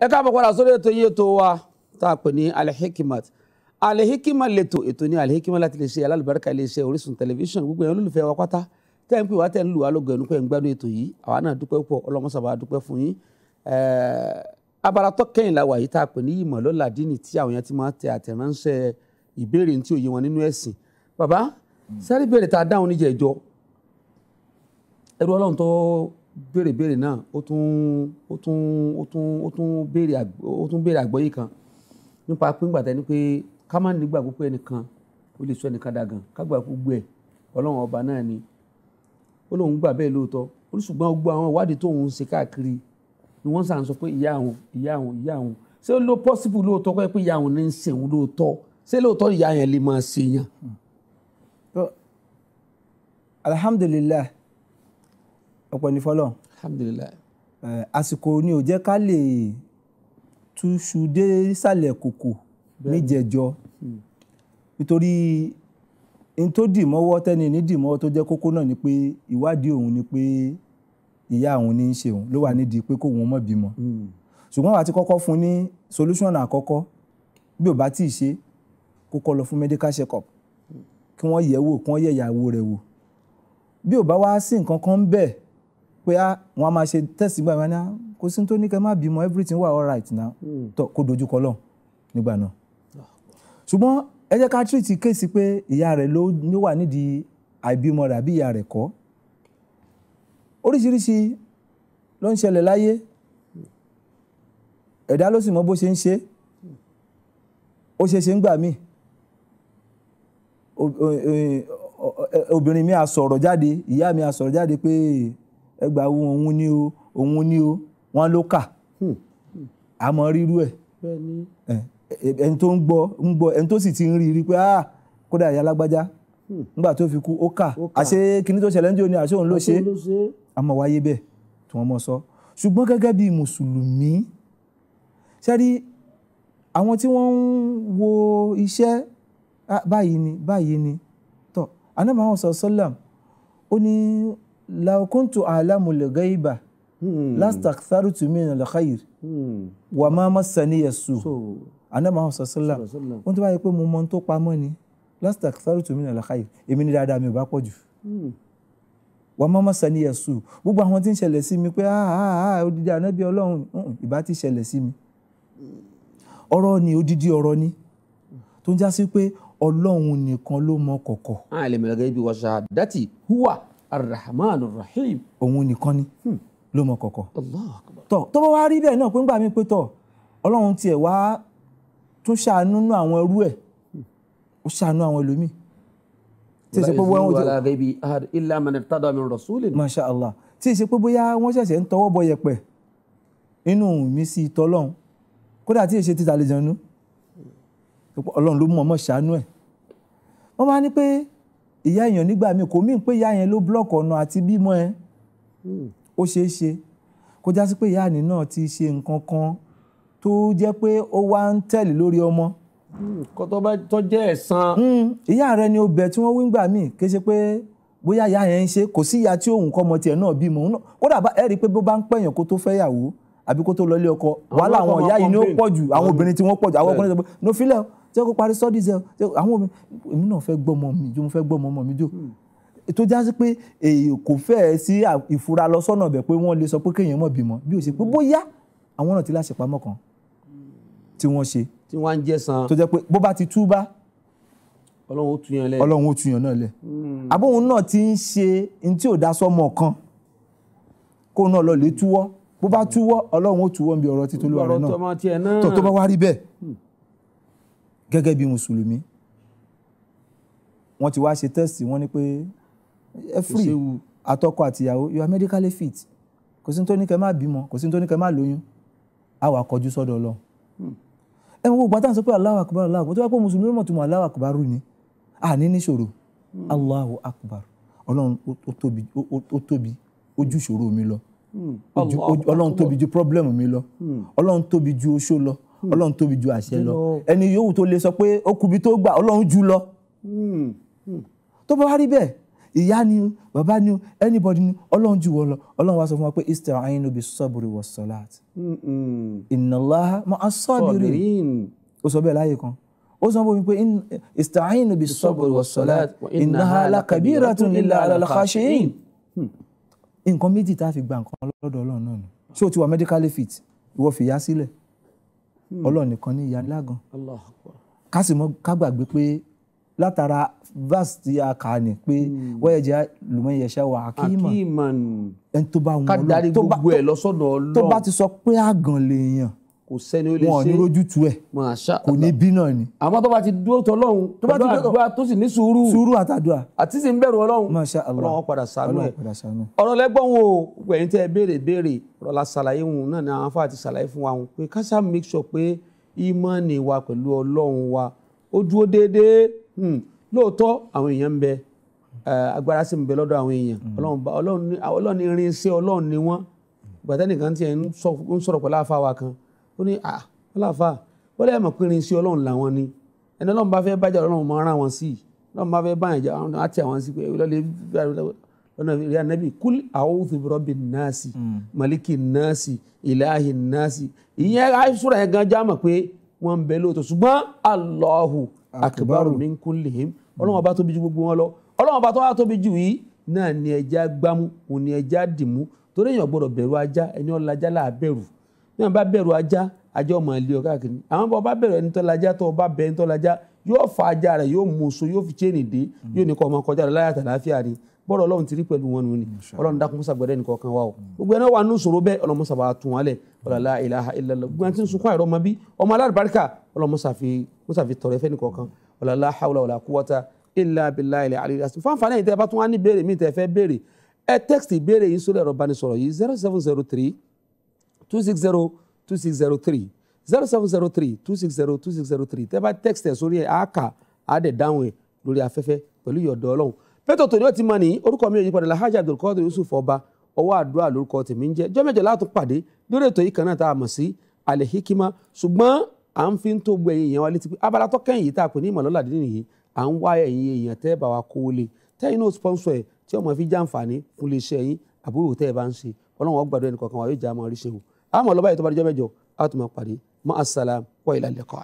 ẹ káàbọ̀ padà sórí ètò yìí ètò wa tá a pè ní Al-Hikmat Al-Hikmat lẹ́tọ̀ ètò ní Al-Hikmat láti lè ṣe alálùbáríkà lè ṣe Orísun tẹlifíṣàn gbogbo ẹ̀ olólùfẹ́ wa pátá tẹ́ ń pè wá tẹ́ ń lù wá lọ́gọ̀ ẹnu pé ń gbádùn ètò yìí àwa náà dúpẹ́ pọ̀ ọlọ́mọsàbà dúpẹ́ fún yín abala kẹ́yìn la wà yìí tá a pè ní ìmọ̀ lọ́la dínì tí àwọn yẹn ti máa tẹ àtẹ̀ránṣẹ́ ìbéèrè tí òye béèrè béèrè náà ó tún ó tún ó tún ó tún béèrè ó tún béèrè àgbọ́yé kan nípa pé ńgbà tẹ́ni pé ká má nígbà gbogbo ẹnìkan ó lè sọ ẹnìkan dàgàn ká gbà gbogbo ẹ̀ ọlọ́run ọba náà ni ó lóun gbà bẹ́ẹ̀ lóòótọ́ ó ní ṣùgbọ́n gbogbo àwọn ìwádìí tóun ń ṣe káàkiri ni wọ́n sàn sọ pé ìyá àwọn ìyá àwọn ìyá àwọn ṣé ló pọ́sibú lóòótọ́ pé pé ìyá àwọn ní ń ṣe òun lóòótọ́ ṣé lóòótọ́ ìyá yẹn lè máa ṣe yàn. alhamdulilayi ọpẹ́ ní fọ́lọ́run. alhamdulilayi. àsìkò ni ò jẹ́ ká lè túṣu dé sàlẹ̀ kòkò níjẹ̀jọ hmm. nítorí n tó dì mọ́wọ́ tẹ́ni ní dì mọ́wọ́ tó jẹ́ kókó náà ni pé ìwádìí òun ni pé ìyá òun ní í ṣe òun ló wà nídìí pé kóun mọ̀ bímọ hmm. ṣùgbọ́n wàá ti kọ́kọ́ fún ní solution àkọ́kọ́ bí ò bá tí ì ṣe kó kọ́ lọ fún medical check hmm. kí wọ́n yẹ̀ wò kí wọ́n yẹ̀ ìyàwó rẹ̀ wò bí ò bá wá sí nǹkan kan bẹ́ẹ̀ pé ah, á wọn a máa ṣe test gbà wọn ni kò sí tó ní kẹ́ má bímọ everything wà alright now hmm. tó kó dojúkọ lọ nígbà náà ṣùgbọ́n ẹ jẹ́ ká treat kéèsì pé ìyá rẹ̀ ló wà nídìí àìbímọ rẹ̀ àbí ìyá rẹ̀ kọ́ oríṣiríṣi ló ń ṣẹlẹ̀ láyé ẹ̀dá ló sì mọ bó ṣe ń ṣe ó ṣe ṣe ń gbà mí eh, eh, obìnrin mi á sọ̀rọ̀ jáde ìyá mi á sọ̀rọ̀ jáde pé ẹgbà wo òun ni o òun ni o wọ́n ló kà àmọ́ hmm. rírú ẹ̀ ẹni tó ń gbọ́ ń gbọ́ ẹni tó sì ti ń rí rí pé ah kódà ìyá lágbájá hmm. nígbà tó fi kú ó kà àṣé kíní tó ṣẹlẹ̀ ń jò ní àṣé òun ló ṣe àmọ́ wáyé bẹ́ẹ̀ tí wọ́n mọ̀ sọ ṣùgbọ́n gẹ́gẹ́ bí mùsùlùmí ṣẹ́rí àwọn tí wọ́n ń wo iṣẹ́ ah, báyìí ni báyìí ni tọ́ anábàáwọn sọ sọ́làm ó ní law kuntu a'lamu al-ghayba lastakthartu min al-khayr wa ma massaniya as-su anamọ àwọn sọsọlá wọn tó bá yẹ pé mo mọ tó pamọ́ ni lastakthartu min al-khayr èmi ni dáadáa mi ò bá pọ̀ jù wa ma massaniya as-su gbogbo àwọn tí ń ṣẹlẹ̀ sí mi pé odidi ànábì Ọlọ́run hmm. ìbá ti ṣẹlẹ̀ sí mi ọ̀rọ̀ ni odidi ọ̀rọ̀ ni tó ń já sí pé Ọlọ́run nìkan ló mọ kọ̀kọ̀. àlẹ́ mẹ́lẹ́gẹ́ ibi wọ́n ṣáà dátì húwà arrahmanur rahim. òun nìkan ni hmm. ló mọ kọ̀kọ̀. tọ́ tó bá wá rí bẹ́ẹ̀ náà pé ńgbà mi pé tọ̀ ọlọ́run tiẹ̀ wá tún ṣàánú nú àwọn ẹrú ẹ̀ ó ṣàánú àwọn ẹlòmíì. tí ìṣe pé bóyá wọ́n ti. illa man irtada min rasulin. masha allah tí ìṣe pé bóyá wọ́n ṣẹ̀ṣẹ̀ ń tọwọ́ bọ yẹpẹ̀ inú mi sí i tọ́lọ́run kódà tí ìṣe ti tàlejò nú ọlọ́run ló mọ̀ ọmọ ṣàánú ẹ̀ wọ́n máa ní pé ìyá èèyàn nígbà míì kò míì pé ìyá yẹn ló búlọ̀kì ọ̀nà àti bímọ ẹ hmm. ó ṣeé ṣe kó já sí pé ìyá àní náà ti ṣe nǹkan kan tó jẹ́ pé ó wá ń tẹ̀lé lórí ọmọ. Hmm, nǹkan tó bá tó jẹ́ ẹ̀san. Hmm, ìyá rẹ ni obẹ̀ tí wọ́n wí gbà míì kì í ṣe pé bóyá ìyá yẹn ń ṣe kò sí ìyá tí òun kọ́ ọmọ tiẹ̀ náà bímọ kódà ẹ rí i pé bó bá ń pẹ̀yàn kó tó fẹ́yàwó àbí kó tó lọ ilé ọkọ wàhálà àwọn ìyá yìí ni ó pọ̀ àwọn obìnrin tí wọ́n pọ̀ àwọn ọkùnrin tí wọ́n pọ̀ tí wọ́n kó parí studies ẹ̀ àwọn omi èmi náà fẹ́ gbọ́ ọmọ mi jó mo fẹ́ gbọ́ ọmọ mi jó hmm. tó já sí pé èyí kò fẹ́ẹ̀ sí ìfura lọ sọ́nà bẹ̀ pé wọ́n lè sọ pé kéèyàn mọ̀ bímọ bí ó ṣe pé hmm. bóyá àwọn náà ti láṣẹ pamọ́ kan hmm. tí wọ́n ṣe. tí wọ́n á jẹ́ san. tó jẹ́ pé bó bá ti túbá. ọlọ́run ó tuyàn lẹ̀. ọlọ́run ó tuyàn náà lẹ̀. àbóhun náà ti ń ṣe ní tí ò dá sọ́mọ kan kó náà lọ lè túwọ́ bó bá túwọ́ ọlọ́run ó túwọ́ níbi ọ̀rọ̀ títolúwa rẹ̀ náà tó bá wá rí bẹ́ẹ̀ gẹ́gẹ́ bí mùsùlùmí wọ́n ti wá ṣe test wọ́n ní pé ẹ free àtọkọ àtìyàwó you are medically fit kò sí ní tó ní kẹ́ má bímọ kò sí ní tó ní kẹ́ má lóyún a wà kọjú sọ́dọ̀ Ọlọ́run hmm. ẹ wọ́n gbọ́dọ̀ sọ pé Allahu akbar Allahu akbar tó bá pọ̀ mùsùlùmí mọ̀ tó mọ̀ Allahu akbar ni àní níṣòro hmm. Allahu akbar Ọlọ́run ó tóbi ojú ìṣòro mi lọ hmm. Ọlọ́run tóbi ju problem mi lọ Ọlọ́run tóbi ju oṣó lọ Hmm. ọlọ́run tóbi ju àṣẹ lọ ẹni yòówù tó lè sọ pé ó kubi tó gbà ọlọ́run jù lọ hmm. Hmm. tó bá wá rí bẹ́ẹ̀ ìyá ni o bàbá ni o anybody ni ọlọ́run jù wọ́n lọ ọlọ́run wá sọ fún wa pé ista'inu bis sabri was salat innallaha ma'as sabirin ó sọ bẹ́ẹ̀ láyé kan ó sọ fún mi pé ista'inu bis sabri was salat innaha lakabiratun illa alal khashi'in nǹkan méjì tá a fi gba nǹkan lọ́dọ̀ ọlọ́run náà ni ṣé o ti wà medically fit ìwọ fìyà sílẹ̀ Hmm. ọlọ́run nìkan ní ìyá ńlá gan ká sì mọ ká gbàgbé pé látara verse tí a kà á ní pé wọ́yẹ̀ jẹ́ lùmọ́yẹ̀ ṣẹ́ wà akíyìmọ̀ ẹni tó bá wọn lọ tó bá ti sọ pé àgàn lèèyàn kò sẹ́ni ó lè ṣe wọn ò ní rojú tu ẹ̀ kò ní bí náà ni. àmọ́ tó bá ti dúró tọ lọ́hùn tó bá ti dúró tó sì ní sùúrù sùúrù àtàdúrà àti sì ń bẹ̀rù ọlọ́hùn ọlọ́hun padà sànú ẹ̀ ọ̀rọ̀ lẹ́gbọ̀n wo gbẹ̀yìn tẹ́ ẹ béèrè béèrè ọ̀rọ̀ ṣàlàyé wọn náà ni àwọn afáà ti ṣàlàyé fún wa wọn pé káṣá make sure pé ìmánì wa pẹ̀lú ọlọ́hun wa ó dúró déédéé hmm. lóòótọ́ àwọn èèyàn ń bẹ agbára sì ń bẹ hmm. ni wọ́n gbàtẹ́nìkan tiẹ̀ ń sọ̀rọ̀ wa kan ó ní à ah, ọláfà ó lẹ́yìn mọ̀ pé irinṣẹ́ ọlọ́run làwọn ni ẹni ọlọ́run bá fẹ́ bájà ọlọ́run máa rán wọn sí i ọlọ́run bá fẹ́ báyìí jà àti àwọn sí pé lọ́lẹ́ lọ́nà ìrìn ànábì kúl a'udhu birabbi nnaasi maliki nnaasi ilahi nnaasi ìyẹn àìsúra yẹn gan já mọ̀ pé wọ́n ń bẹ lóòótọ́ ṣùgbọ́n Allahu akbaru min kullihim ọlọ́run ọba tóbi ju gbogbo wọn lọ ọlọ́run ọba tó wá tóbi jù yìí náà ni ẹja gbámú òun ni ẹja dìmú torí èèyàn gbọ́dọ̀ bẹ̀rù ajá ẹni ọ̀làjà láà bí wọn bá bẹ̀rù ajá ajá ọmọ ilé ọ káàkiri àwọn bá bẹ̀rù ẹni tó lajá tó bá bẹ ẹni tó lajá yóò fa ajá rẹ̀ yóò mú so yóò fi chain dé yóò ní kọ ọmọ kọjá rẹ̀ láyà tàlàáfíà ni bọ́ọ̀rọ̀ ọlọ́run ti rí pẹ̀lú wọn nìyí ọlọ́run dákun sàgbẹ́rẹ́ nìkan kan wá o gbogbo ẹni wà nínú ìṣòro bẹ́ẹ̀ ọlọ́mọ sábà tún wọn lẹ̀ ọlọ́lá ìlàhà ìlàlọ́ gbogbo ẹni tí ń sunkún àìrọ́ ọmọ bí ọmọ alárìbáríkà ọlọ́mọ sàfi tọrẹ fẹ́ nìkan kan ọlọ́lá hawla wàlà kúwọ́ta ilà abilà ilẹ̀ aliyasi fanfani ẹ̀yin tẹ́ bá tún wá ní béèrè mi 260 2603 0703 260 2603 tẹ́ bá text ẹ̀ sórí ẹ̀ á kà á dẹ̀ dáhùn ẹ̀ lórí afẹ́fẹ́ pẹ̀lú ìyọ̀dọ̀ ọlọ́run pẹ́tọ̀ tòní ó ti mọ nìyí orúkọ mi ò yípadà Alhaji Abdulkadir Yusuf Ọba ọwọ́ àdúrà lórúkọ tèmi ń jẹ́ jọ́mẹ́jọ láti pàdé lórí ètò yìí kan náà tá a mọ̀ sí Al-Hikmat ṣùgbọ́n à ń fi ń tó gbọ ẹ̀yin èèyàn wa létí pé abala tó kẹ́yìn yìí tá a pè ní ìmọ̀lọ́lá dín nìyí à ń wá ẹ̀yin èèyàn tẹ́ bá wa o lè tẹ́yìn náà sponsor ẹ̀ tí ọmọ fi jàǹfààní fún iléeṣẹ́ yín àbúrò tẹ́ ẹ bá ń ṣe ọlọ́run ó já máa rí àmọ́ lọ́ba yìí tó bá dijọ́ mẹ́jọ a tún máa pàdé ma assalam wa ila liqa.